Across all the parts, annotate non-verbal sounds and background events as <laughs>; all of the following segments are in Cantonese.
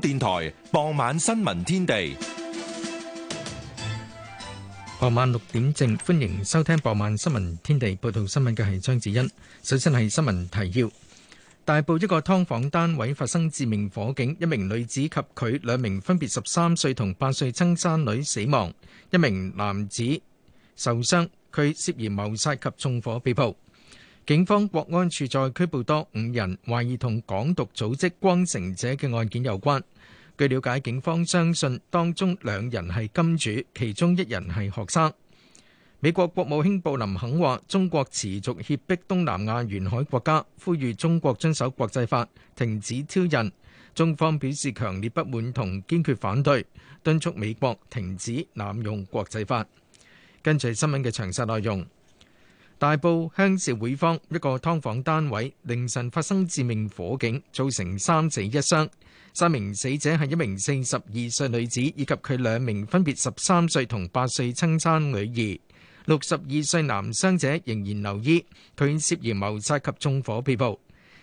電台傍晚新聞天地，傍晚六點正，歡迎收聽傍晚新聞天地。報道新聞嘅係張子欣。首先係新聞提要：大埔一個劏房單位發生致命火警，一名女子及佢兩名分別十三歲同八歲親生女死亡，一名男子受傷，佢涉嫌謀殺及縱火被捕。警方國安處再拘捕多五人，懷疑同港獨組織光城者嘅案件有關。據了解，警方相信當中兩人係金主，其中一人係學生。美國國務卿布林肯話：中國持續脅迫東南亞沿海國家，呼籲中國遵守國際法，停止挑釁。中方表示強烈不滿同堅決反對，敦促美國停止濫用國際法。跟住係新聞嘅詳細內容：大埔鄉事會坊一個劏房單位凌晨發生致命火警，造成三死一傷。三名死者係一名四十二歲女子以及佢兩名分別十三歲同八歲親生女兒。六十二歲男傷者仍然留醫，佢涉嫌謀殺及縱火被捕。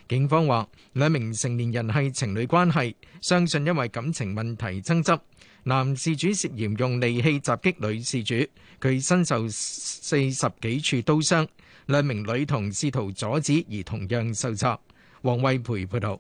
警方話兩名成年人係情侶關係，相信因為感情問題爭執。男事主涉嫌用利器襲擊女事主，佢身受四十幾處刀傷。兩名女童試圖阻止而同樣受襲。王惠培報導。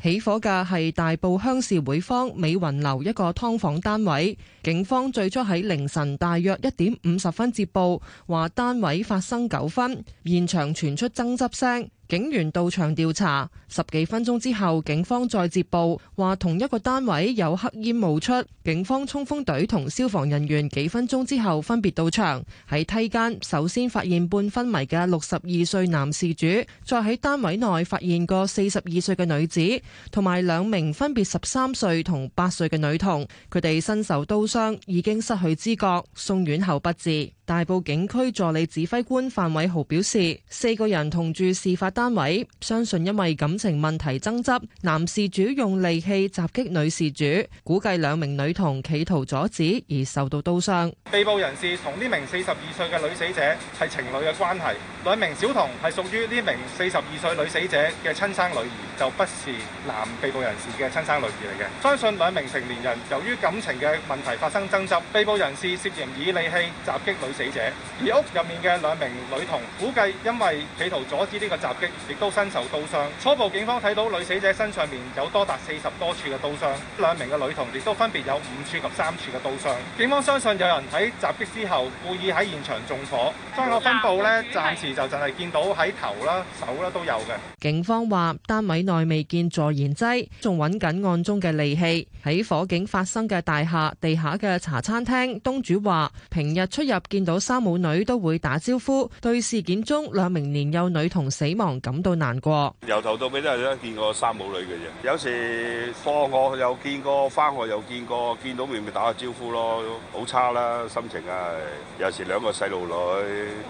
起火嘅係大埔鄉事會坊美雲樓一個劏房單位，警方最初喺凌晨大約一點五十分接報話單位發生糾紛，現場傳出爭執聲。警員到場調查，十幾分鐘之後，警方再接報話同一個單位有黑煙冒出，警方衝鋒隊同消防人員幾分鐘之後分別到場，喺梯間首先發現半昏迷嘅六十二歲男事主，再喺單位內發現個四十二歲嘅女子同埋兩名分別十三歲同八歲嘅女童，佢哋身受刀傷，已經失去知覺，送院後不治。大埔警區助理指揮官范偉豪表示，四個人同住事發單位，相信因為感情問題爭執，男事主用利器襲擊女事主，估計兩名女童企圖阻止而受到刀傷。被捕人士同呢名四十二歲嘅女死者係情侶嘅關係，兩名小童係屬於呢名四十二歲女死者嘅親生女兒，就不是男被捕人士嘅親生女兒嚟嘅。相信兩名成年人由於感情嘅問題發生爭執，被捕人士涉嫌以利器襲擊女。死者，而屋入面嘅兩名女童，估計因為企圖阻止呢個襲擊，亦都身受刀傷。初步警方睇到女死者身上面有多達四十多處嘅刀傷，兩名嘅女童亦都分別有五處及三處嘅刀傷。警方相信有人喺襲擊之後故意喺現場縱火。傷口分佈呢，暫時就淨係見到喺頭啦、手啦都有嘅。警方話單位內未見助燃劑，仲揾緊案中嘅利器。喺火警發生嘅大廈地下嘅茶餐廳，東主話平日出入見。到三母女都會打招呼，對事件中兩名年幼女童死亡感到難過。由頭到尾都係咧見過三母女嘅嘢，有時放學又見過，翻學又見過，見到面咪打個招呼咯，好差啦，心情啊！有時兩個細路女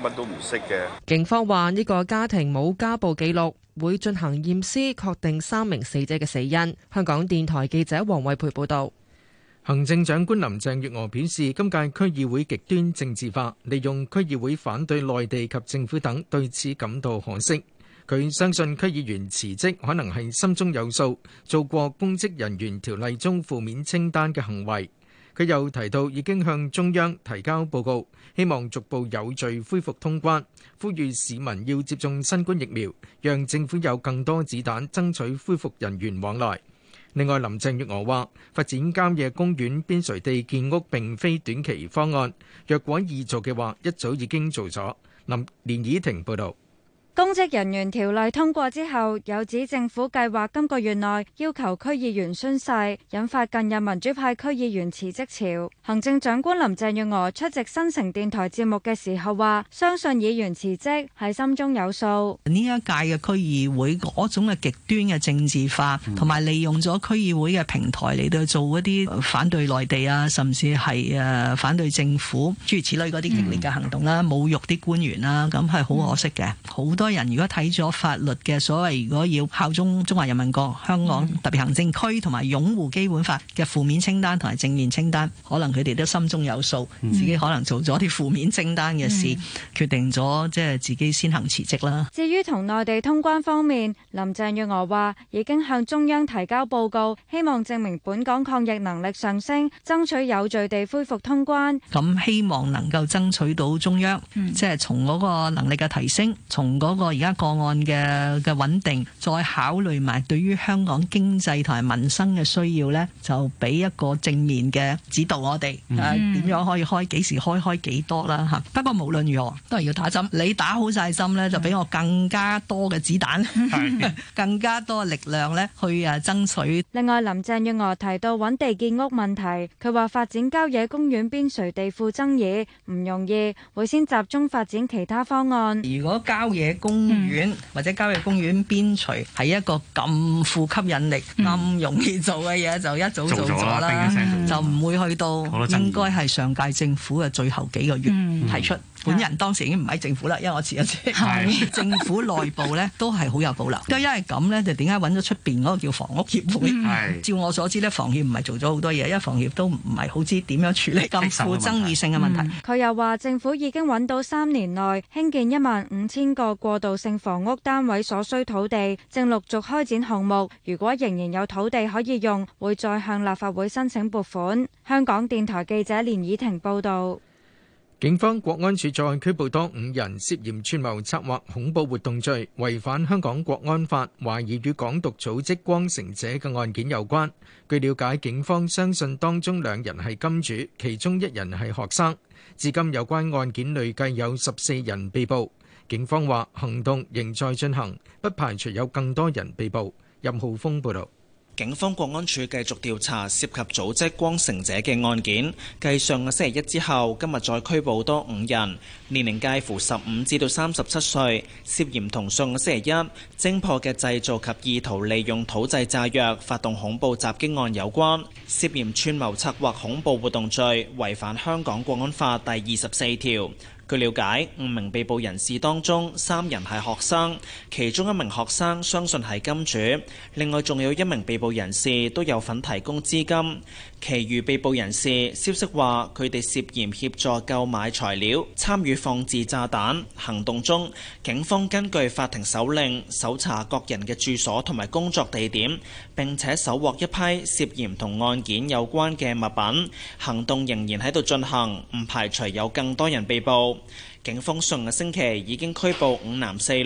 乜都唔識嘅。警方話呢個家庭冇家暴記錄，會進行驗屍確定三名死者嘅死因。香港電台記者黃惠培報道。行政長官林鄭月娥表示，今屆區議會極端政治化，利用區議會反對內地及政府等，對此感到可惜。佢相信區議員辭職可能係心中有數，做過公職人員條例中負面清單嘅行為。佢又提到，已經向中央提交報告，希望逐步有序恢復通關，呼籲市民要接種新冠疫苗，讓政府有更多子彈爭取恢復人員往來。另外，林鄭月娥話：發展郊野公園邊陲地建屋並非短期方案，若果易做嘅話，一早已經做咗。林連怡婷報道。公職人員條例通過之後，有指政府計劃今個月內要求區議員宣誓，引發近日民主派區議員辭職潮。行政長官林鄭月娥出席新城電台節目嘅時候話，相信議員辭職係心中有數。呢一屆嘅區議會嗰種嘅極端嘅政治化，同埋利用咗區議會嘅平台嚟到做一啲反對內地啊，甚至係誒反對政府諸如此類嗰啲激烈嘅行動啦，侮辱啲官員啦，咁係好可惜嘅，好多、嗯。人如果睇咗法律嘅所謂，如果要效忠中華人民國香港、嗯、特別行政區，同埋擁護基本法嘅負面清單同埋正面清單，可能佢哋都心中有數，嗯、自己可能做咗啲負面清單嘅事，嗯、決定咗即係自己先行辭職啦。至於同內地通關方面，林鄭月娥話已經向中央提交報告，希望證明本港抗疫能力上升，爭取有序地恢復通關。咁、嗯嗯、希望能夠爭取到中央，即係從嗰個能力嘅提升，從嗰、那個個而家個案嘅嘅穩定，再考慮埋對於香港經濟同埋民生嘅需要呢，就俾一個正面嘅指導我哋，誒點、嗯啊、樣可以開，幾時開，開幾多啦吓。不過無論如何都係要打針，你打好晒針呢就俾我更加多嘅子彈，的 <laughs> 更加多嘅力量呢去誒爭取。另外林鄭月娥提到揾地建屋問題，佢話發展郊野公園邊陲地庫爭議唔容易，會先集中發展其他方案。如果郊野公園、嗯、或者郊野公園邊陲，係一個咁富吸引力、咁、嗯、容易做嘅嘢，就一早就做咗啦，做做啊、就唔會去到應該係上屆政府嘅最後幾個月提出、嗯。嗯。本人當時已經唔喺政府啦，因為我辭咗職。是政府內部咧 <laughs> 都係好有保留，都因為咁咧，就點解揾咗出邊嗰個叫房屋協會？是照我所知咧，房協唔係做咗好多嘢，因為房協都唔係好知點樣處理咁富爭議性嘅問題。佢、嗯、又話，政府已經揾到三年內興建一萬五千個過渡性房屋單位所需土地，正陸續開展項目。如果仍然有土地可以用，會再向立法會申請撥款。香港電台記者連以婷報導。警方國安處再拘捕多五人，涉嫌串謀策劃恐怖活動罪，違反香港國安法，懷疑與港獨組織光城者嘅案件有關。據了解，警方相信當中兩人係金主，其中一人係學生。至今有關案件累計有十四人被捕。警方話行動仍在進行，不排除有更多人被捕。任浩峰報道。警方國安處繼續調查涉及組織光城者嘅案件，繼上個星期一之後，今日再拘捕多五人，年齡介乎十五至到三十七歲，涉嫌同上個星期一偵破嘅製造及意圖利用土製炸藥發動恐怖襲擊案有關，涉嫌串謀策劃恐怖活動罪，違反香港國安法第二十四條。據了解，五名被捕人士當中，三人係學生，其中一名學生相信係金主，另外仲有一名被捕人士都有份提供資金。其餘被捕人士，消息話佢哋涉嫌協助購買材料、參與放置炸彈。行動中，警方根據法庭手令搜查各人嘅住所同埋工作地點，並且搜獲一批涉嫌同案件有關嘅物品。行動仍然喺度進行，唔排除有更多人被捕。警方上個星期已經拘捕五男四女，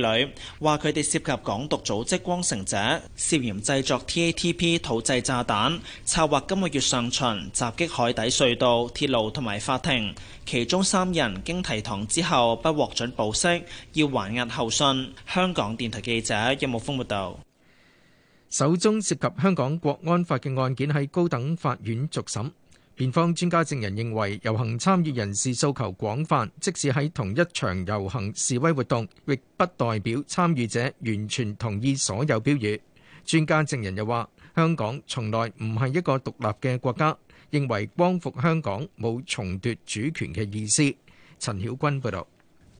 話佢哋涉及港獨組織光成者，涉嫌製作 TATP 土製炸彈，策劃今個月上旬襲擊海底隧道、鐵路同埋法庭。其中三人經提堂之後，不獲准保釋，要還押候訊。香港電台記者任木峰報道。首宗涉及香港國安法嘅案件喺高等法院續審。辯方專家證人認為，遊行參與人士訴求廣泛，即使喺同一場遊行示威活動，亦不代表參與者完全同意所有標語。專家證人又話：香港從來唔係一個獨立嘅國家，認為光復香港冇重奪主權嘅意思。陳曉君報道。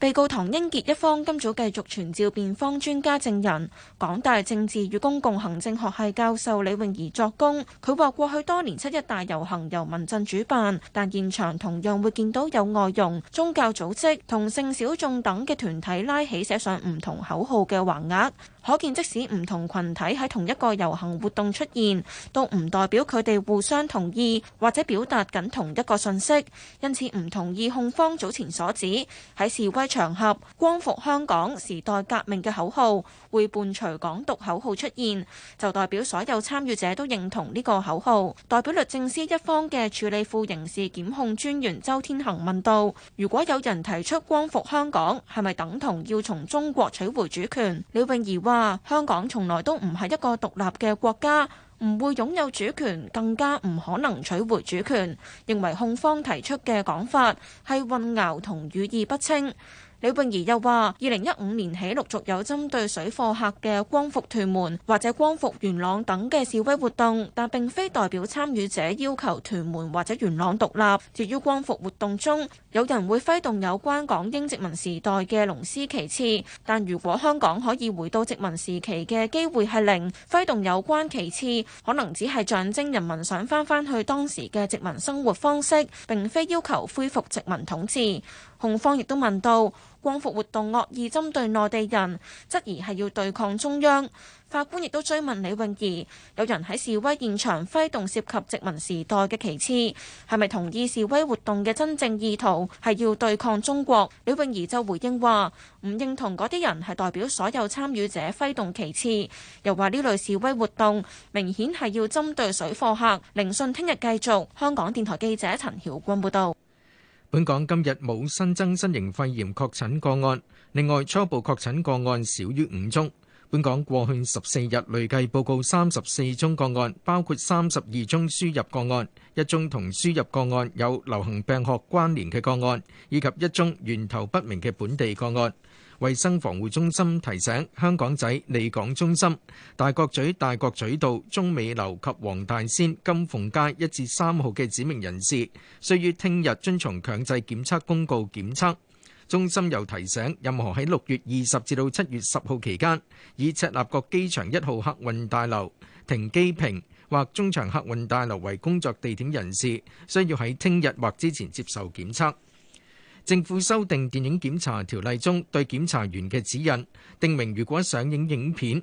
被告唐英傑一方今早繼續傳召辯方專家證人，港大政治與公共行政學系教授李詠怡作供。佢話過去多年七一大遊行由民陣主辦，但現場同樣會見到有外傭、宗教組織、同性小眾等嘅團體拉起寫上唔同口號嘅橫額。可見，即使唔同羣體喺同一個遊行活動出現，都唔代表佢哋互相同意或者表達緊同一個訊息。因此，唔同意控方早前所指喺示威場合光復香港時代革命嘅口號會伴隨港獨口號出現，就代表所有參與者都認同呢個口號。代表律政司一方嘅署理副刑事檢控專員周天行問道：如果有人提出光復香港，係咪等同要從中國取回主權？李泳怡話。話香港從來都唔係一個獨立嘅國家，唔會擁有主權，更加唔可能取回主權，認為控方提出嘅講法係混淆同語意不清。李詠怡又話：二零一五年起，陸續有針對水貨客嘅光復屯門或者光復元朗等嘅示威活動，但並非代表參與者要求屯門或者元朗獨立。至於光復活動中有人會揮動有關港英殖民時代嘅龍獅旗幟，但如果香港可以回到殖民時期嘅機會係零，揮動有關旗幟可能只係象徵人民想翻返去當時嘅殖民生活方式，並非要求恢復殖民統治。控方亦都問到。光復活動惡意針對內地人，質疑係要對抗中央。法官亦都追問李泳儀：有人喺示威現場揮動涉及殖民時代嘅旗幟，係咪同意示威活動嘅真正意圖係要對抗中國？李泳儀就回應話：唔認同嗰啲人係代表所有參與者揮動旗幟，又話呢類示威活動明顯係要針對水貨客。聆訊聽日繼續。香港電台記者陳曉君報導。本港今日冇新增新型肺炎確診個案，另外初步確診個案少於五宗。本港過去十四日累計報告三十四宗個案，包括三十二宗輸入個案，一宗同輸入個案有流行病學關聯嘅個案，以及一宗源頭不明嘅本地個案。衛生防護中心提醒香港仔利港中心、大角咀大角咀道、中美樓及黃大仙金鳳街一至三號嘅指明人士，須於聽日遵從強制檢測公告檢測。中心又提醒，任何喺六月二十至到七月十號期間，以赤鱲角機場一號客運大樓、停機坪或中場客運大樓為工作地點人士，需要喺聽日或之前接受檢測。政府修訂電影檢查條例中對檢查員嘅指引，定明如果上映影片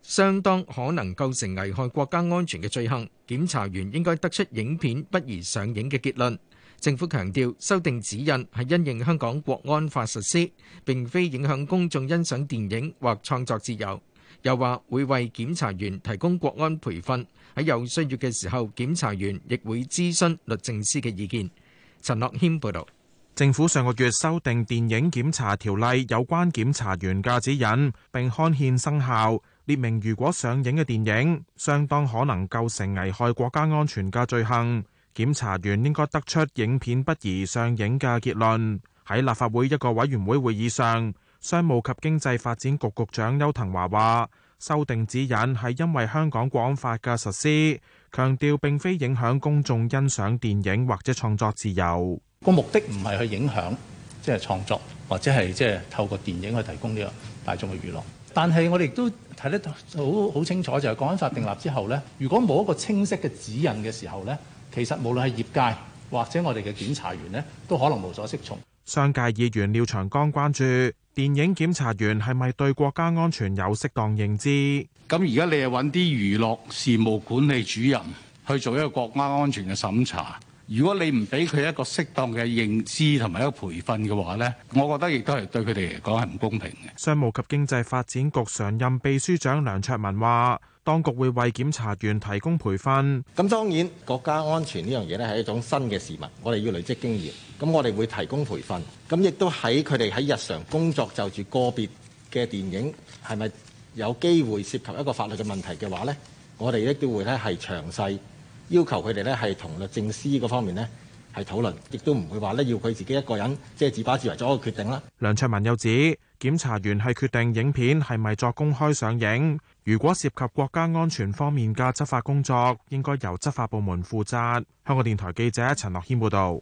相當可能構成危害國家安全嘅罪行，檢查員應該得出影片不宜上映嘅結論。政府強調修訂指引係因應香港國安法實施，並非影響公眾欣賞電影或創作自由。又話會為檢查員提供國安培訓，喺有需要嘅時候，檢查員亦會諮詢律政司嘅意見。陳樂謙報道。政府上個月修訂電影檢查條例有關檢查員嘅指引，並刊憲生效，列明如果上映嘅電影相當可能構成危害國家安全嘅罪行，檢查員應該得出影片不宜上映嘅結論。喺立法會一個委員會會議上，商務及經濟發展局局長邱騰華話，修訂指引係因為香港國安法嘅實施，強調並非影響公眾欣賞電影或者創作自由。個目的唔係去影響，即係創作或者係即係透過電影去提供呢個大眾嘅娛樂。但係我哋都睇得好好清楚，就係國安法定立之後呢，如果冇一個清晰嘅指引嘅時候呢，其實無論係業界或者我哋嘅檢查員呢，都可能無所適從。商界議員廖長江關注電影檢查員係咪對國家安全有適當認知？咁而家你係揾啲娛樂事務管理主任去做一個國家安全嘅審查？如果你唔俾佢一個適當嘅認知同埋一個培訓嘅話呢，我覺得亦都係對佢哋嚟講係唔公平嘅。商務及經濟發展局常任秘書長梁卓文話，當局會為檢查員提供培訓。咁當然，國家安全呢樣嘢，呢係一種新嘅事物，我哋要累積經驗。咁我哋會提供培訓。咁亦都喺佢哋喺日常工作就住個別嘅電影係咪有機會涉及一個法律嘅問題嘅話呢，我哋亦都會咧，係詳細。要求佢哋呢，係同律政司嗰方面呢，係討論，亦都唔會話，呢要佢自己一個人即係、就是、自把自為咗個決定啦。梁卓文又指，檢查員係決定影片係咪作公開上映。如果涉及國家安全方面嘅執法工作，應該由執法部門負責。香港電台記者陳樂謙報道。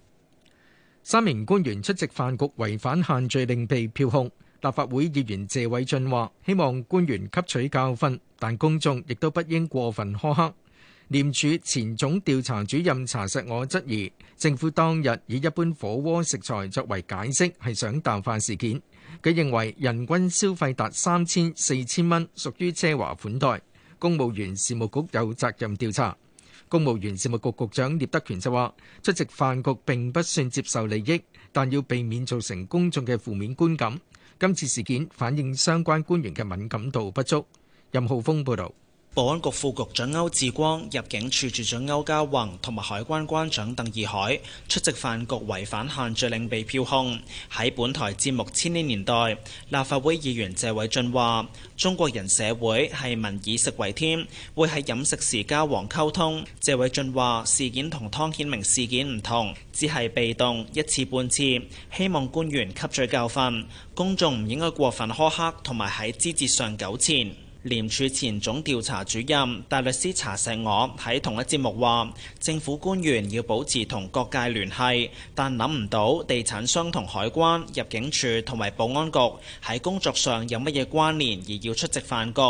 三名官員出席飯局違反限聚令被票控。立法會議員謝偉俊話，希望官員吸取教訓，但公眾亦都不應過分苛刻。廉署前總調查主任查實我質疑，政府當日以一般火鍋食材作為解釋，係想淡化事件。佢認為人均消費達三千四千蚊，屬於奢華款待。公務員事務局有責任調查。公務員事務局局長聶德權就話：出席飯局並不算接受利益，但要避免造成公眾嘅負面觀感。今次事件反映相關官員嘅敏感度不足。任浩峰報導。保安局副局長歐志光、入境處處長歐家宏同埋海關關長鄧義海出席飯局，違反限聚令被票控。喺本台節目《千禧年代》，立法會議員謝偉俊話：中國人社會係民以食為天，會喺飲食時交往溝通。謝偉俊話事件同湯顯明事件唔同，只係被動一次半次。希望官員吸取教訓，公眾唔應該過分苛刻，同埋喺枝節上糾纏。廉署前總調查主任大律師查石我喺同一節目話，政府官員要保持同各界聯繫，但諗唔到地產商同海關、入境處同埋保安局喺工作上有乜嘢關聯而要出席飯局，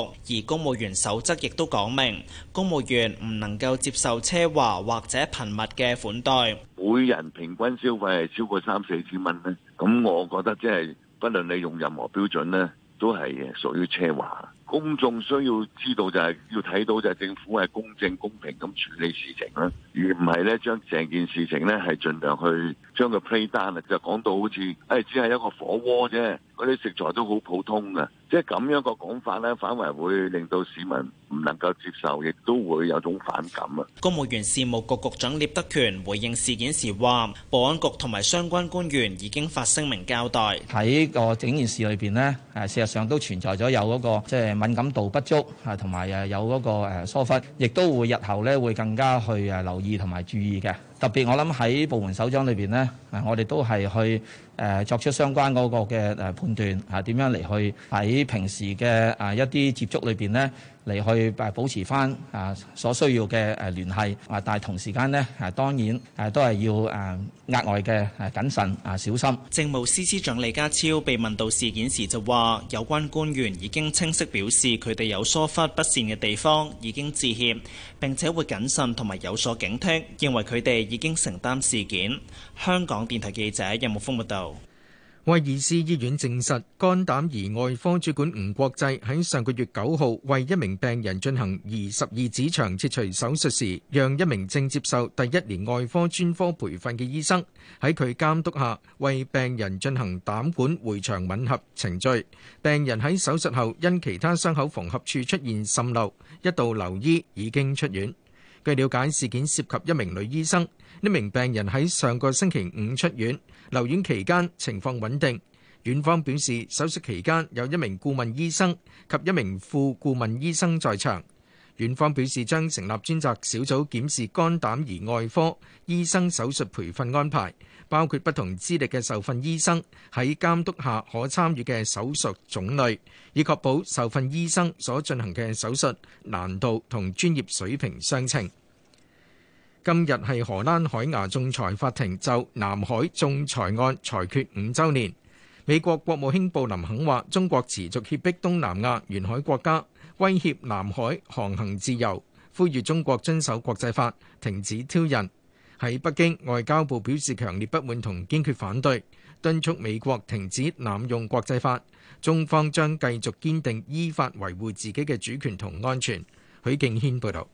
而公務員守則亦都講明，公務員唔能夠接受奢華或者頻密嘅款待。每人平均消費係超過三四千蚊咧，咁我覺得即係不論你用任何標準呢，都係屬於奢華。公眾需要知道就係要睇到就係政府係公正公平咁處理事情啦，而唔係咧將成件事情咧係盡量去將個 play down 啊，就講到好似誒只係一個火鍋啫，嗰啲食材都好普通嘅，即係咁樣個講法咧，反為會令到市民唔能夠接受，亦都會有種反感啊！公務員事務局局長聶德權回應事件時話：保安局同埋相關官員已經發聲明交代，喺個整件事裏邊呢，誒事，事實上都存在咗有嗰、那個即係。敏感度不足啊，同埋誒有嗰個誒疏忽，亦都會日後咧會更加去誒留意同埋注意嘅。特別我諗喺部門首長裏邊咧，我哋都係去誒作出相關嗰個嘅誒判斷啊，點樣嚟去喺平時嘅啊一啲接觸裏邊呢，嚟去保持返啊所需要嘅誒聯繫啊，但係同時間呢，誒當然誒都係要誒額外嘅誒謹慎啊小心。政務司司長李家超被問到事件時就話：有關官員已經清晰表示佢哋有疏忽不善嘅地方，已經致歉，並且會謹慎同埋有所警惕，認為佢哋已經承擔事件。香港電台記者任木峯報道。威爾斯醫院證實，肝膽胰外科主管吳國際喺上個月九號為一名病人進行二十二指腸切除手術時，讓一名正接受第一年外科專科培訓嘅醫生喺佢監督下為病人進行膽管回腸吻合程序。病人喺手術後因其他傷口縫合處出現滲漏，一度留醫，已經出院。據了解，事件涉及一名女醫生。呢名病人喺上個星期五出院，留院期間情況穩定。院方表示，手術期間有一名顧問醫生及一名副顧問醫生在場。院方表示將成立專責小組檢視肝膽胰外科醫生手術培訓安排，包括不同資歷嘅受訓醫生喺監督下可參與嘅手術種類，以確保受訓醫生所進行嘅手術難度同專業水平相稱。今日係荷蘭海牙仲裁法庭就南海仲裁案裁決五週年。美國國務卿布林肯話：中國持續脅迫東南亞沿海國家，威脅南海航行自由，呼籲中國遵守國際法，停止挑釁。喺北京，外交部表示強烈不滿同堅決反對，敦促美國停止濫用國際法。中方將繼續堅定依法維護自己嘅主權同安全。許敬軒報導。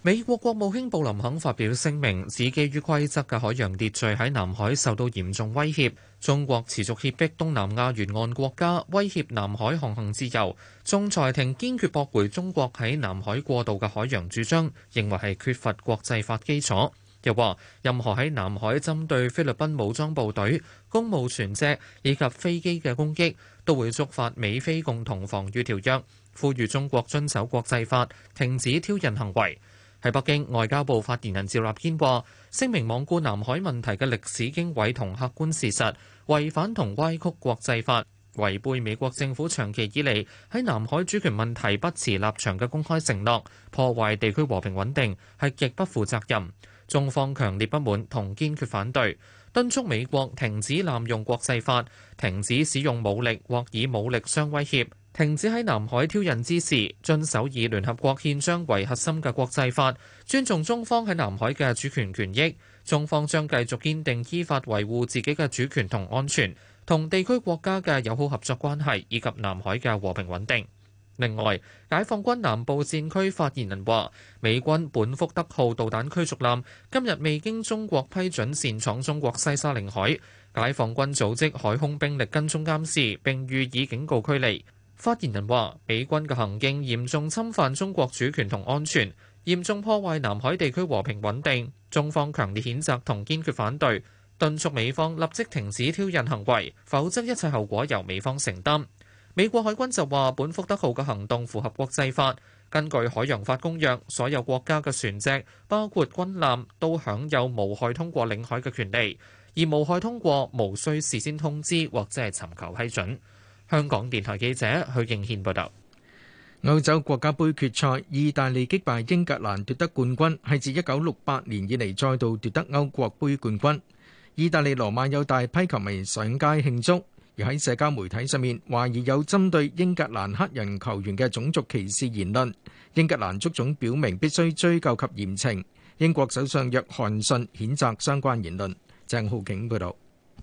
美國國務卿布林肯發表聲明，指基於規則嘅海洋秩序喺南海受到嚴重威脅，中國持續脅迫東南亞沿岸國家，威脅南海航行自由。仲裁庭堅決駁回中國喺南海過度嘅海洋主張，認為係缺乏國際法基礎。又話，任何喺南海針對菲律賓武裝部隊、公務船隻以及飛機嘅攻擊，都會觸發美菲共同防禦條約。呼籲中國遵守國際法，停止挑釁行為。喺北京，外交部發言人趙立堅話：聲明罔顧南海問題嘅歷史經緯同客觀事實，違反同歪曲國際法，違背美國政府長期以來喺南海主權問題不持立場嘅公開承諾，破壞地區和平穩定，係極不負責任。中方強烈不滿同堅決反對，敦促美國停止濫用國際法，停止使用武力或以武力相威脅。停止喺南海挑釁之時，遵守以聯合國憲章為核心嘅國際法，尊重中方喺南海嘅主權權益。中方將繼續堅定依法維護自己嘅主權同安全，同地區國家嘅友好合作關係以及南海嘅和平穩定。另外，解放軍南部戰區發言人話，美軍本福德號導彈驅逐艦今日未經中國批准擅闖中國西沙領海，解放軍組織海空兵力跟蹤監視，並予以警告驅離。發言人話：美軍嘅行徑嚴重侵犯中國主權同安全，嚴重破壞南海地區和平穩定。中方強烈譴責同堅決反對，敦促美方立即停止挑釁行為，否則一切後果由美方承擔。美國海軍就話：本福德號嘅行動符合國際法，根據海洋法公約，所有國家嘅船隻，包括軍艦，都享有無害通過領海嘅權利，而無害通過無需事先通知，或者係尋求批准。香港電台記者許敬憲報道：歐洲國家杯決賽，意大利擊敗英格蘭奪得冠軍，係自一九六八年以嚟再度奪得歐國杯冠軍。意大利羅馬有大批球迷上街慶祝，而喺社交媒體上面懷疑有針對英格蘭黑人球員嘅種族歧視言論。英格蘭足總表明必須追究及嚴懲。英國首相約翰遜譴責相關言論。鄭浩景報道。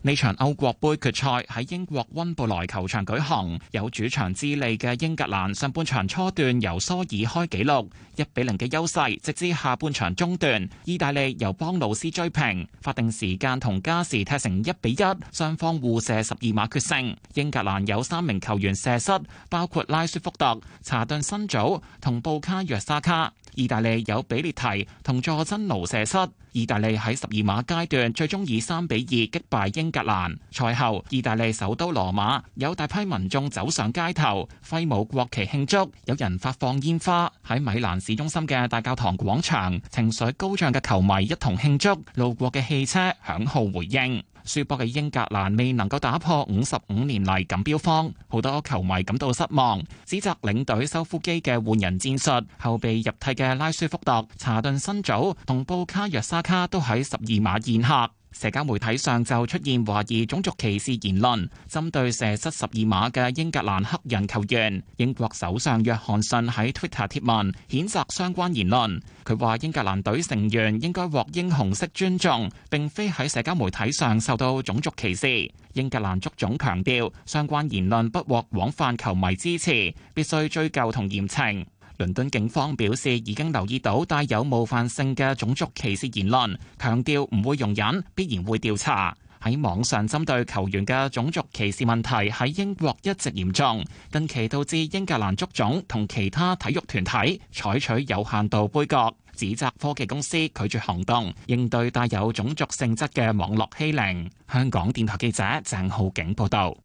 呢場歐國杯決賽喺英國溫布萊球場舉行，有主場之利嘅英格蘭上半場初段由蘇爾開紀錄一比零嘅優勢，直至下半場中段，意大利由邦魯斯追平，法定時間同加時踢成一比一，1, 雙方互射十二碼決勝。英格蘭有三名球員射失，包括拉舒福特、查頓新祖同布卡約沙卡；意大利有比列提同佐真奴射失。意大利喺十二碼階段最終以三比二擊敗英格蘭。賽後，意大利首都羅馬有大批民眾走上街頭，揮舞國旗慶祝，有人發放煙花。喺米蘭市中心嘅大教堂廣場，情緒高漲嘅球迷一同慶祝，路過嘅汽車響號回應。輸波嘅英格蘭未能夠打破五十五年嚟錦標荒，好多球迷感到失望，指責領隊修夫基嘅換人戰術，後備入替嘅拉舒福特、查頓新祖同布卡約沙卡都喺十二碼宴客。社交媒體上就出現懷疑種族歧視言論，針對射失十二碼嘅英格蘭黑人球員，英國首相約翰遜喺 Twitter 貼文譴責相關言論。佢話英格蘭隊成員應該獲英雄式尊重，並非喺社交媒體上受到種族歧視。英格蘭足總強調相關言論不獲廣泛球迷支持，必須追究同嚴懲。倫敦警方表示已經留意到帶有冒犯性嘅種族歧視言論，強調唔會容忍，必然會調查。喺網上針對球員嘅種族歧視問題，喺英國一直嚴重，近期導致英格蘭足總同其他體育團體採取有限度杯葛，指責科技公司拒絕行動，應對帶有種族性質嘅網絡欺凌。香港電台記者鄭浩景報道。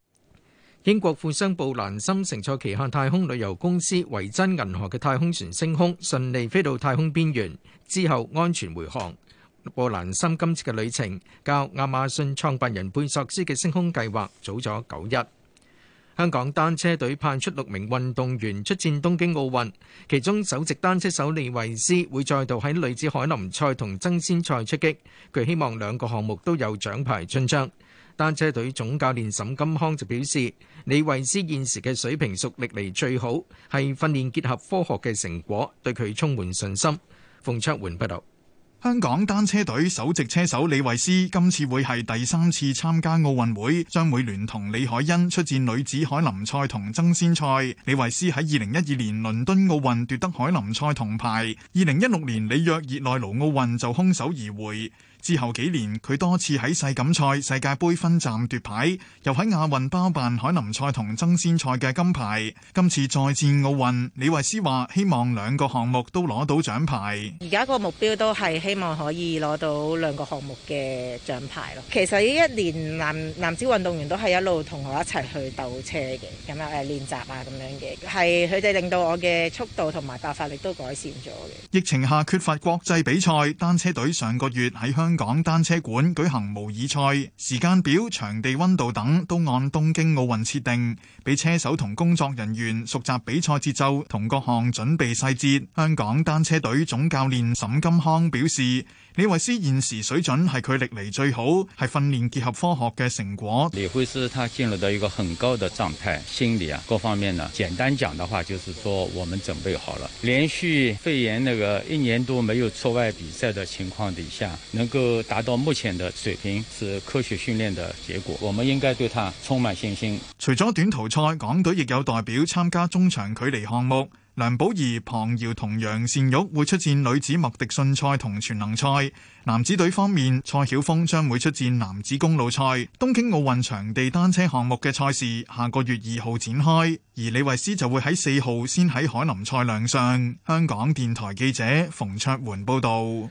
英國富商布蘭森乘坐旗下太空旅遊公司維珍銀河嘅太空船升空，順利飛到太空邊緣之後安全回航。布蘭森今次嘅旅程較亞馬遜創辦人貝索斯嘅升空計劃早咗九日。香港單車隊派出六名運動員出戰東京奧運，其中首席單車手李慧詩會再度喺女子凱林賽同爭先賽出擊，佢希望兩個項目都有獎牌進賬。單車隊總教練沈金康就表示：李慧詩現時嘅水平屬歷嚟最好，係訓練結合科學嘅成果，對佢充滿信心。馮卓煥報道：香港單車隊首席車手李慧詩今次會係第三次參加奧運會，將會聯同李海恩出戰女子凱林賽同爭先賽。李慧詩喺二零一二年倫敦奧運奪得凱林賽銅牌，二零一六年里約熱內盧奧運就空手而回。之後幾年，佢多次喺世錦賽、世界杯分站奪牌，又喺亞運包辦凱林賽同爭先賽嘅金牌。今次再戰奧運，李慧詩話希望兩個項目都攞到獎牌。而家個目標都係希望可以攞到兩個項目嘅獎牌咯。其實呢一年男男子運動員都係一路同我一齊去鬥車嘅，咁樣誒練習啊，咁樣嘅，係佢哋令到我嘅速度同埋爆發力都改善咗嘅。疫情下缺乏國際比賽，單車隊上個月喺香。香港單車館舉行模擬賽，時間表、場地温度等都按東京奧運設定，俾車手同工作人員熟習比賽節奏同各項準備細節。香港單車隊總教練沈金康表示，李慧斯現時水準係佢歷嚟最好，係訓練結合科學嘅成果。李慧詩他進入到一個很高的狀態，心理啊各方面呢，簡單講的話就是說，我們準備好了。連續肺炎那個一年多沒有出外比賽的情況底下，能夠達到目前的水平，是科學訓練的結果。我們應該對他充滿信心。除咗短途賽，港隊亦有代表參加中長距離項目。梁寶儀、龐瑤同楊善玉會出戰女子麥迪遜賽同全能賽。男子隊方面，蔡曉峰將會出戰男子公路賽。東京奧運場地單車項目嘅賽事下個月二號展開，而李慧詩就會喺四號先喺凱林賽亮相。香港電台記者馮卓媛報道。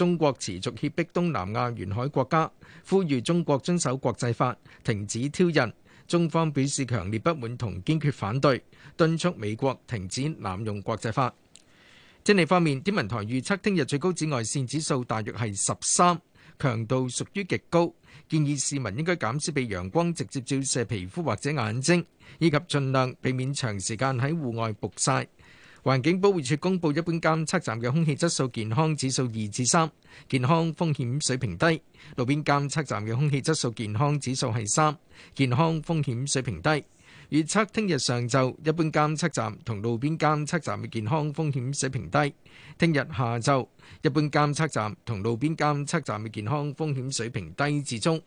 中國持續脅迫東南亞沿海國家，呼籲中國遵守國際法，停止挑釁。中方表示強烈不滿同堅決反對，敦促美國停止濫用國際法。天氣方面，天文台預測聽日最高紫外線指數大約係十三，強度屬於極高，建議市民應該減少被陽光直接照射皮膚或者眼睛，以及盡量避免長時間喺戶外曝曬。環境保護署公布，一般監測站嘅空氣質素健康指數二至三，健康風險水平低；路邊監測站嘅空氣質素健康指數係三，健康風險水平低。預測聽日上晝，一般監測站同路邊監測站嘅健康風險水平低；聽日下晝，一般監測站同路邊監測站嘅健康風險水平低至中。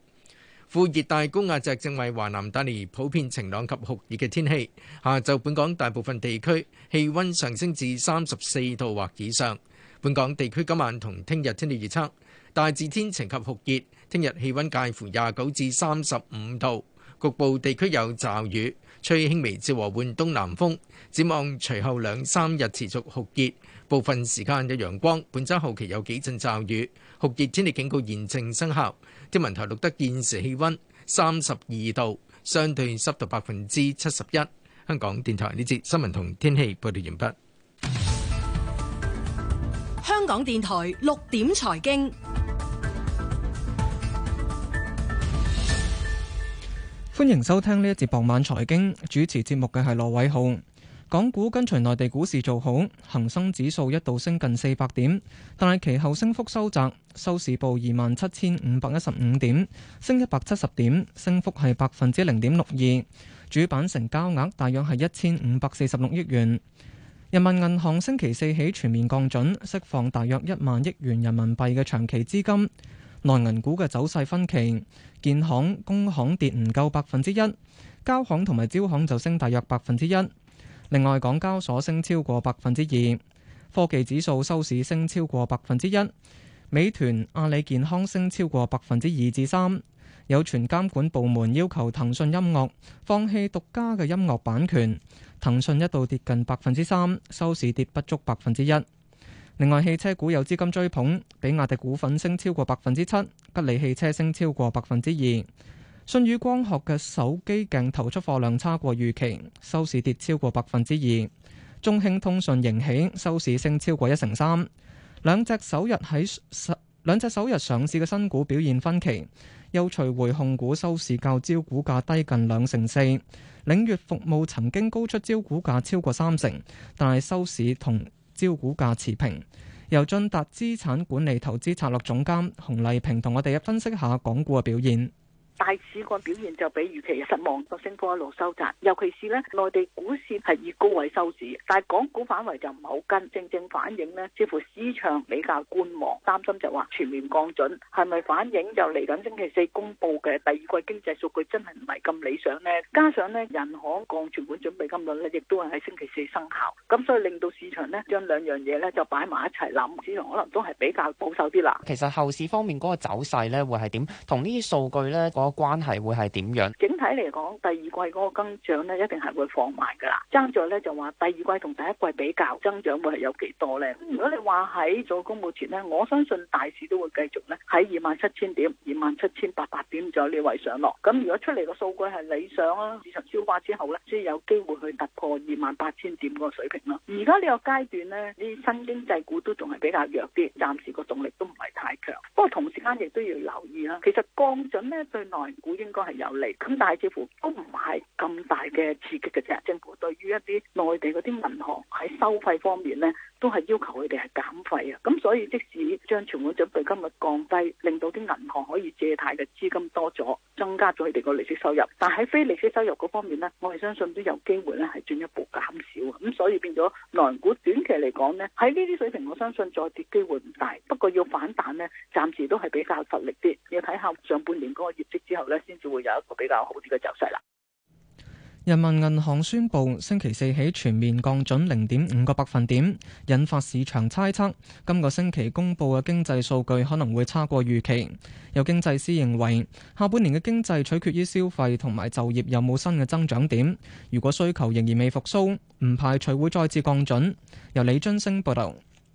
副熱帶高壓脊正為華南帶嚟普遍晴朗及酷熱嘅天氣。下晝本港大部分地區氣温上升至三十四度或以上。本港地區今晚同聽日天氣預測，大致天晴及酷熱。聽日氣温介乎廿九至三十五度，局部地區有驟雨，吹輕微至和緩東南風。展望隨後兩三日持續酷熱。部分時間有陽光，本週後期有幾陣驟雨。酷熱天氣警告現正生效。天文台錄得現時氣温三十二度，相對濕度百分之七十一。香港電台呢節新聞同天氣報道完畢。香港電台六點財經，歡迎收聽呢一節傍晚財經。主持節目嘅係羅偉浩。港股跟隨內地股市做好，恒生指數一度升近四百點，但係其後升幅收窄，收市報二萬七千五百一十五點，升一百七十點，升幅係百分之零點六二。主板成交額大約係一千五百四十六億元。人民銀行星期四起全面降準，釋放大約一萬億元人民幣嘅長期資金。內銀股嘅走勢分歧，建行、工行跌唔夠百分之一，交行同埋招行就升大約百分之一。另外，港交所升超過百分之二，科技指數收市升超過百分之一，美團、阿里健康升超過百分之二至三。有傳監管部門要求騰訊音樂放棄獨家嘅音樂版權，騰訊一度跌近百分之三，收市跌不足百分之一。另外，汽車股有資金追捧，比亞迪股份升超過百分之七，吉利汽車升超過百分之二。信宇光學嘅手機鏡頭出貨量差過預期，收市跌超過百分之二。中興通訊迎起，收市升超過一成三。兩隻首日喺兩隻首日上市嘅新股表現分歧，優趣匯控股收市較招股價低近兩成四。領悅服務曾經高出招股價超過三成，但係收市同招股價持平。由駿達資產管理投資策略總監洪麗萍同我哋分析下港股嘅表現。大市個表現就比預期失望，個升幅一路收窄。尤其是咧，內地股市係以高位收市，但係港股反圍就唔好跟。正正反映呢，似乎市場比較觀望，擔心就話全面降準係咪反映就嚟緊星期四公布嘅第二季經濟數據真係唔係咁理想呢？加上呢，人行降存款準備金率咧，亦都係喺星期四生效。咁所以令到市場呢，將兩樣嘢咧就擺埋一齊諗，市場可能都係比較保守啲啦。其實後市方面嗰個走勢咧，會係點？同呢啲數據咧。個關係會係點樣？整體嚟講，第二季嗰個增長咧，一定係會放慢噶啦。增長咧就話第二季同第一季比較，增長會係有幾多咧？如果你話喺早公布前咧，我相信大市都會繼續咧喺二萬七千點、二萬七千八百點左右呢位上落。咁如果出嚟個數據係理想啊，市場消化之後咧，先有機會去突破二萬八千點個水平咯。而家呢個階段咧，啲新經濟股都仲係比較弱啲，暫時個動力都唔係太強。不過同時間亦都要留意啦，其實降準咧對。內股應該係有利，咁但係似乎都唔係咁大嘅刺激嘅啫。政府對於一啲內地嗰啲銀行喺收費方面呢，都係要求佢哋係減費啊。咁所以即使將存款準備金率降低，令到啲銀行可以借貸嘅資金多咗，增加咗佢哋個利息收入，但喺非利息收入嗰方面呢，我係相信都有機會呢係進一步減少。咁所以變咗內股短期嚟講呢，喺呢啲水平，我相信再跌機會唔大。不過要反彈呢。暫時都係比較乏力啲，要睇下上半年嗰個業績之後呢先至會有一個比較好啲嘅走勢啦。人民銀行宣布星期四起全面降準零點五個百分點，引發市場猜測。今個星期公布嘅經濟數據可能會差過預期。有經濟師認為，下半年嘅經濟取決於消費同埋就業有冇新嘅增長點。如果需求仍然未復蘇，唔排除會再次降準。由李津升報道。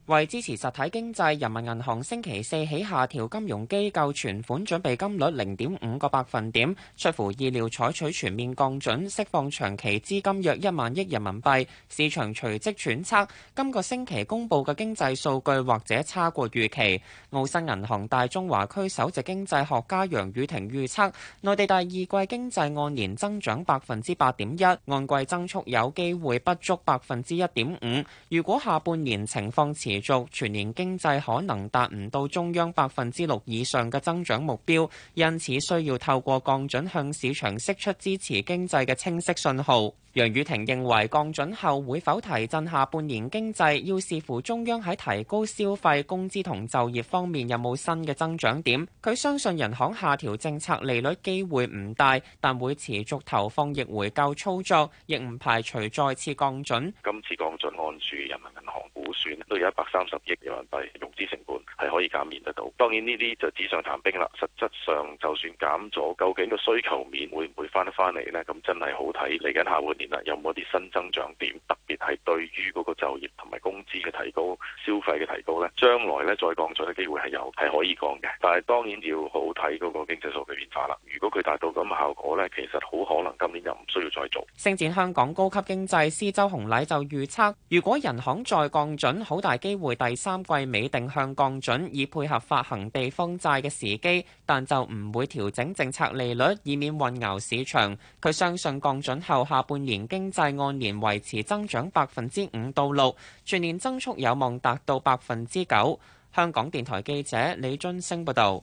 為支持實體經濟，人民銀行星期四起下調金融機構存款準備金率零點五個百分點，出乎意料採取全面降準，釋放長期資金約一萬億人民幣。市場隨即揣測，今個星期公佈嘅經濟數據或者差過預期。澳新銀行大中華區首席經濟學家楊宇婷預測，內地第二季經濟按年增長百分之八點一，按季增速有機會不足百分之一點五。如果下半年情況持續，全年經濟可能達唔到中央百分之六以上嘅增長目標，因此需要透過降準向市場釋出支持經濟嘅清晰信號。楊雨婷認為降準後會否提振下半年經濟，要視乎中央喺提高消費、工資同就業方面有冇新嘅增長點。佢相信人行下調政策利率機會唔大，但會持續投放逆回購操作，亦唔排除再次降準。今次降準按住人民銀行估算都有一百三十億人民幣融資成本係可以減免得到。當然呢啲就紙上談兵啦，實質上就算減咗，究竟個需求面會唔會翻得翻嚟呢？咁真係好睇，嚟緊下半年。嗱，有冇啲新增長點，特別係對於嗰個就業同埋工資嘅提高、消費嘅提高咧，將來咧再降準嘅機會係有，係可以降嘅。但係當然要好睇嗰個經濟數據變化啦。如果佢達到咁嘅效果咧，其實好可能今年就唔需要再做。星展香港高級經濟師周洪禮就預測，如果人行再降準好大機會第三季尾定向降準，以配合發行地方債嘅時機，但就唔會調整政策利率，以免混淆市場，佢相信降準後下半。年經濟按年維持增長百分之五到六，全年增速有望達到百分之九。香港電台記者李津升報道。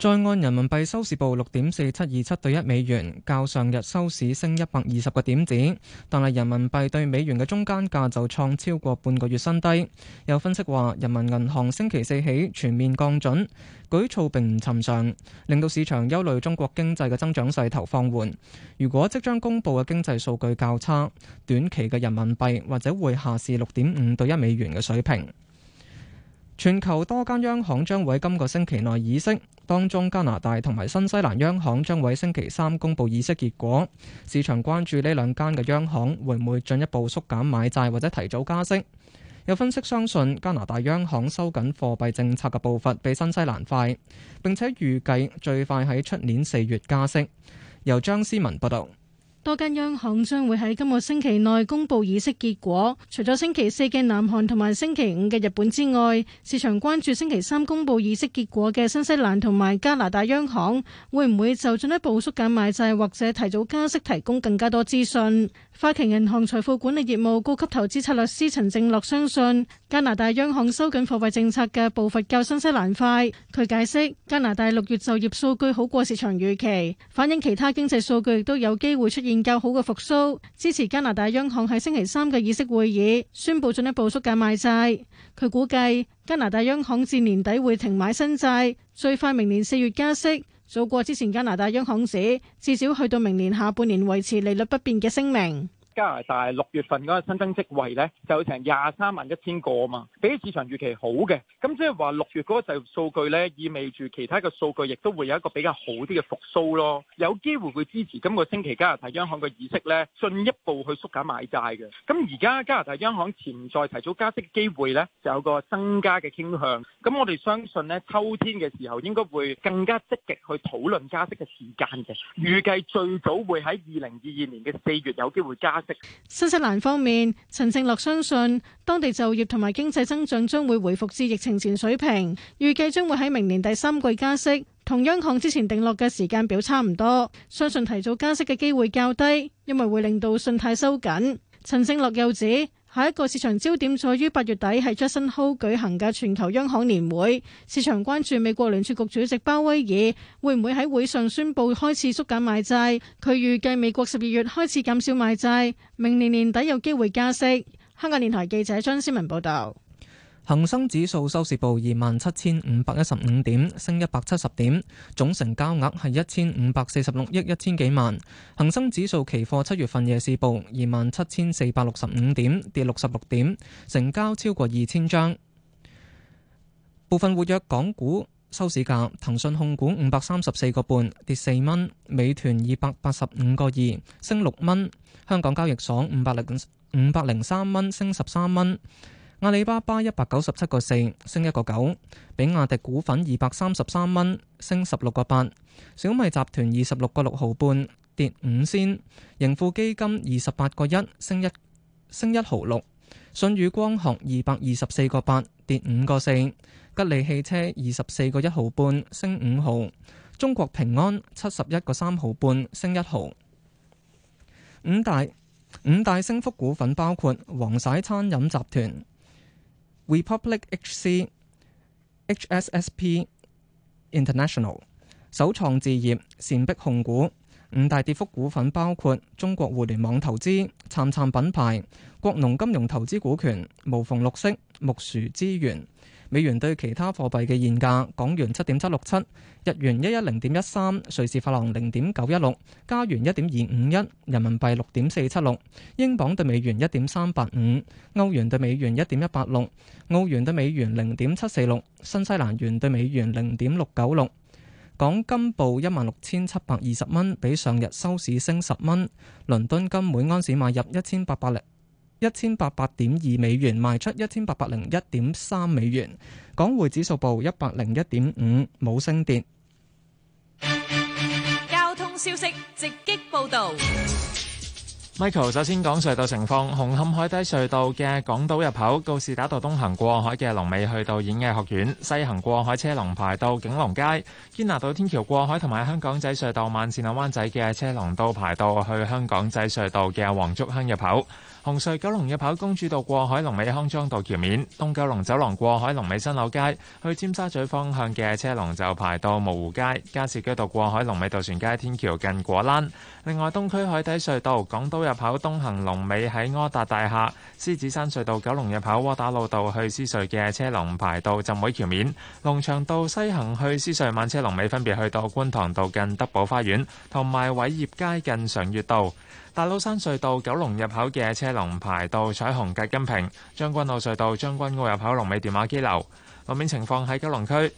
再按人民幣收市報六點四七二七對一美元，較上日收市升一百二十個點子，但係人民幣對美元嘅中間價就創超過半個月新低。有分析話，人民銀行星期四起全面降準舉措並唔尋常，令到市場憂慮中國經濟嘅增長勢頭放緩。如果即將公布嘅經濟數據較差，短期嘅人民幣或者會下試六點五對一美元嘅水平。全球多間央行將會今個星期內議息，當中加拿大同埋新西蘭央行將會星期三公布議息結果。市場關注呢兩間嘅央行會唔會進一步縮減買債或者提早加息。有分析相信加拿大央行收緊貨幣政策嘅步伐比新西蘭快，並且預計最快喺出年四月加息。由張思文報導。多間央行將會喺今個星期內公佈議息結果，除咗星期四嘅南韓同埋星期五嘅日本之外，市場關注星期三公佈議息結果嘅新西蘭同埋加拿大央行會唔會就進一步縮減買債或者提早加息提供更加多資訊。花旗銀行財富管理業務高級投資策略師陳正樂相信加拿大央行收緊貨幣政策嘅步伐較新西蘭快。佢解釋加拿大六月就業數據好過市場預期，反映其他經濟數據亦都有機會出現較好嘅復甦，支持加拿大央行喺星期三嘅議息會議宣布進一步縮減買債。佢估計加拿大央行至年底會停買新債，最快明年四月加息。做過之前加拿大央行史，至少去到明年下半年維持利率不變嘅聲明。加拿大六月份嗰個新增職位咧，就有成廿三萬一千個啊嘛，比起市場預期好嘅，咁即係話，六月嗰個就業數據咧，意味住其他嘅數據亦都會有一個比較好啲嘅復甦咯，有機會會支持今個星期加拿大央行嘅議息咧，進一步去縮減買債嘅。咁而家加拿大央行潛在提早加息機會會咧，就有個增加嘅傾向。咁我哋相信咧，秋天嘅時候應該會更加積極去討論加息嘅時間嘅，預計最早會喺二零二二年嘅四月有機會加息。新西蘭方面，陳正樂相信當地就業同埋經濟增長將會回復至疫情前水平，預計將會喺明年第三季加息，同央行之前定落嘅時間表差唔多。相信提早加息嘅機會較低，因為會令到信貸收緊。陳正樂又指，下一個市場焦點在於八月底係 Jackson Hole 舉行嘅全球央行年會，市場關注美國聯儲局主席鮑威爾會唔會喺會上宣布開始縮減買債。佢預計美國十二月開始減少買債，明年年底有機會加息。香港電台記者張思文報道。恒生指數收市報二萬七千五百一十五點，升一百七十點，總成交額係一千五百四十六億一千幾萬。恒生指數期貨七月份夜市報二萬七千四百六十五點，跌六十六點，成交超過二千張。部分活躍港股收市價：騰訊控股五百三十四個半，跌四蚊；美團二百八十五個二，升六蚊；香港交易所五百零五百零三蚊，升十三蚊。阿里巴巴一百九十七個四升一個九，比亞迪股份二百三十三蚊升十六個八，小米集團二十六個六毫半跌五仙，盈富基金二十八個一升一升一毫六，舜宇光學二百二十四個八跌五個四，吉利汽車二十四個一毫半升五毫，中國平安七十一個三毫半升一毫。五大五大升幅股份包括皇璽餐飲集團。Republic HC HSSP International 首創置業善壁控股五大跌幅股份包括中國互聯網投資杉杉品牌國農金融投資股權無縫綠色木薯資源。美元對其他貨幣嘅現價：港元七點七六七，日元一一零點一三，瑞士法郎零點九一六，加元一點二五一，人民幣六點四七六，英鎊對美元一點三八五，歐元對美元一點一八六，澳元對美元零點七四六，新西蘭元對美元零點六九六。港金報一萬六千七百二十蚊，比上日收市升十蚊。倫敦金每盎司買入一千八百零一千八百點二美元賣出一千八百零一點三美元，港匯指數報一百零一點五，冇升跌。交通消息直擊報導。Michael 首先講隧道情況，紅磡海底隧道嘅港島入口，告士打道東行過海嘅龍尾去到演藝學院，西行過海車龍排到景隆街，堅拿道天橋過海同埋香港仔隧道慢線，灣仔嘅車龍都排到去香港仔隧道嘅黃竹坑入口，紅隧九龍入口公主道過海龍尾康莊道橋面，東九龍走廊過海龍尾新樓街去尖沙咀方向嘅車龍就排到蕪湖街，加士居道過海龍尾渡船街天橋近果欄。另外，東區海底隧道港島入口東行龍尾喺柯達大廈，獅子山隧道九龍入口窩打老道去獅隧嘅車龍排到浸會橋面，龍翔道西行去獅隧慢車龍尾分別去到觀塘道近德寶花園，同埋偉業街近常悅道，大老山隧道九龍入口嘅車龍排到彩虹隔音屏，將軍澳隧道將軍澳入口龍尾電話機樓，路面情況喺九龍區。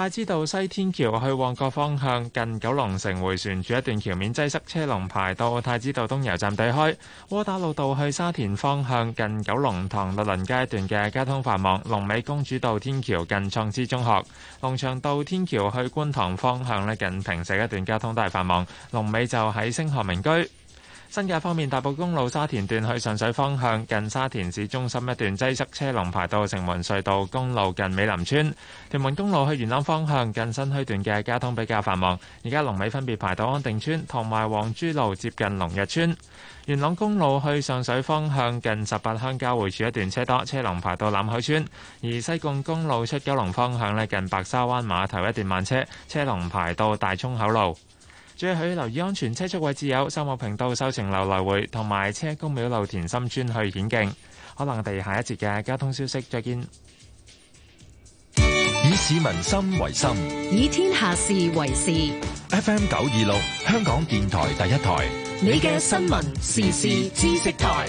太子道西天橋去旺角方向，近九龍城回旋處一段橋面擠塞，車龍排到太子道東油站對開。窩打老道去沙田方向，近九龍塘律倫街段嘅交通繁忙。龍尾公主道天橋近創知中學。龍翔道天橋去觀塘方向呢，近平石一段交通都係繁忙。龍尾就喺星河明居。新界方面，大埔公路沙田段去上水方向，近沙田市中心一段擠塞，車龍排到城門隧道公路近美林村；屯門公路去元朗方向，近新墟段嘅交通比較繁忙，而家龍尾分別排到安定村同埋皇珠路接近龍日村。元朗公路去上水方向，近十八鄉交匯處一段車多，車龍排到欖口村。而西貢公路出九龍方向咧，近白沙灣碼頭一段慢車，車龍排到大涌口路。最要留意安全車速位置，有三木屏道、收晴流來回同埋車公廟路、田心村去顯徑。可能我哋下一節嘅交通消息，再見。以市民心為心，以天下事為事。FM 九二六，香港電台第一台。你嘅新聞時事知識台。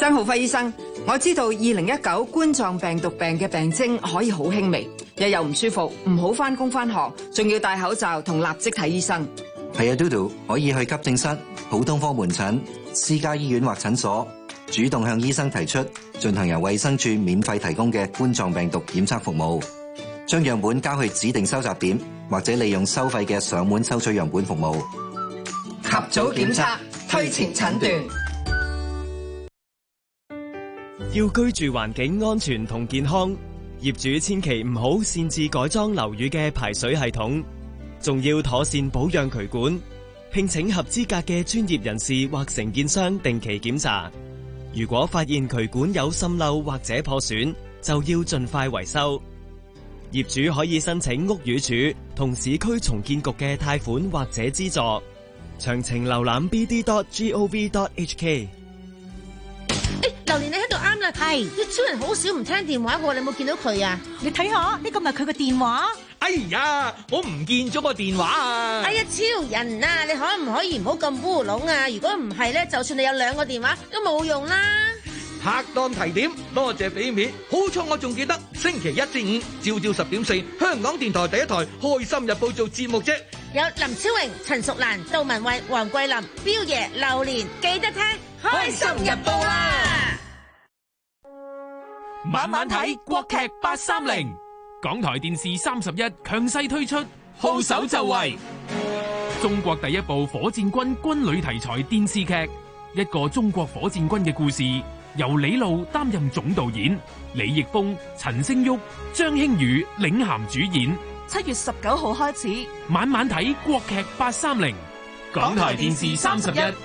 曾浩輝醫生，我知道二零一九冠狀病毒病嘅病徵可以好輕微。嘢又唔舒服，唔好返工返學，仲要戴口罩同立即睇醫生。係啊，嘟嘟可以去急症室、普通科門診、私家醫院或診所，主動向醫生提出進行由衛生署免費提供嘅冠狀病毒檢測服務，將樣本交去指定收集點或者利用收費嘅上門收取樣本服務。及早檢測，推前診斷。要居住環境安全同健康。業主千祈唔好擅自改裝樓宇嘅排水系統，仲要妥善保養渠管，聘請合資格嘅專業人士或承建商定期檢查。如果發現渠管有滲漏或者破損，就要盡快維修。業主可以申請屋宇署同市區重建局嘅貸款或者資助。詳情瀏覽 bd.gov.hk。係，超人好少唔聽電話喎，你有冇見到佢啊？你睇下，呢個咪佢個電話？哎呀，我唔見咗個電話啊！哎呀，超人啊，你可唔可以唔好咁烏龍啊？如果唔係咧，就算你有兩個電話都冇用啦。拍檔提點，多謝俾面，好彩我仲記得星期一至五，朝朝十點四，香港電台第一台《開心日報》做節目啫。有林超榮、陳淑蘭、杜文慧、黃桂林、彪爺、榴蓮，記得聽《開心日報》啦。晚晚睇國劇八三零，港台電視三十一強勢推出，號手就位。中國第一部火箭軍軍旅題材電視劇，一個中國火箭軍嘅故事，由李路擔任總導演，李易峰、陳星旭、張馨予領銜主演。七月十九號開始，晚晚睇國劇八三零，港台電視三十一。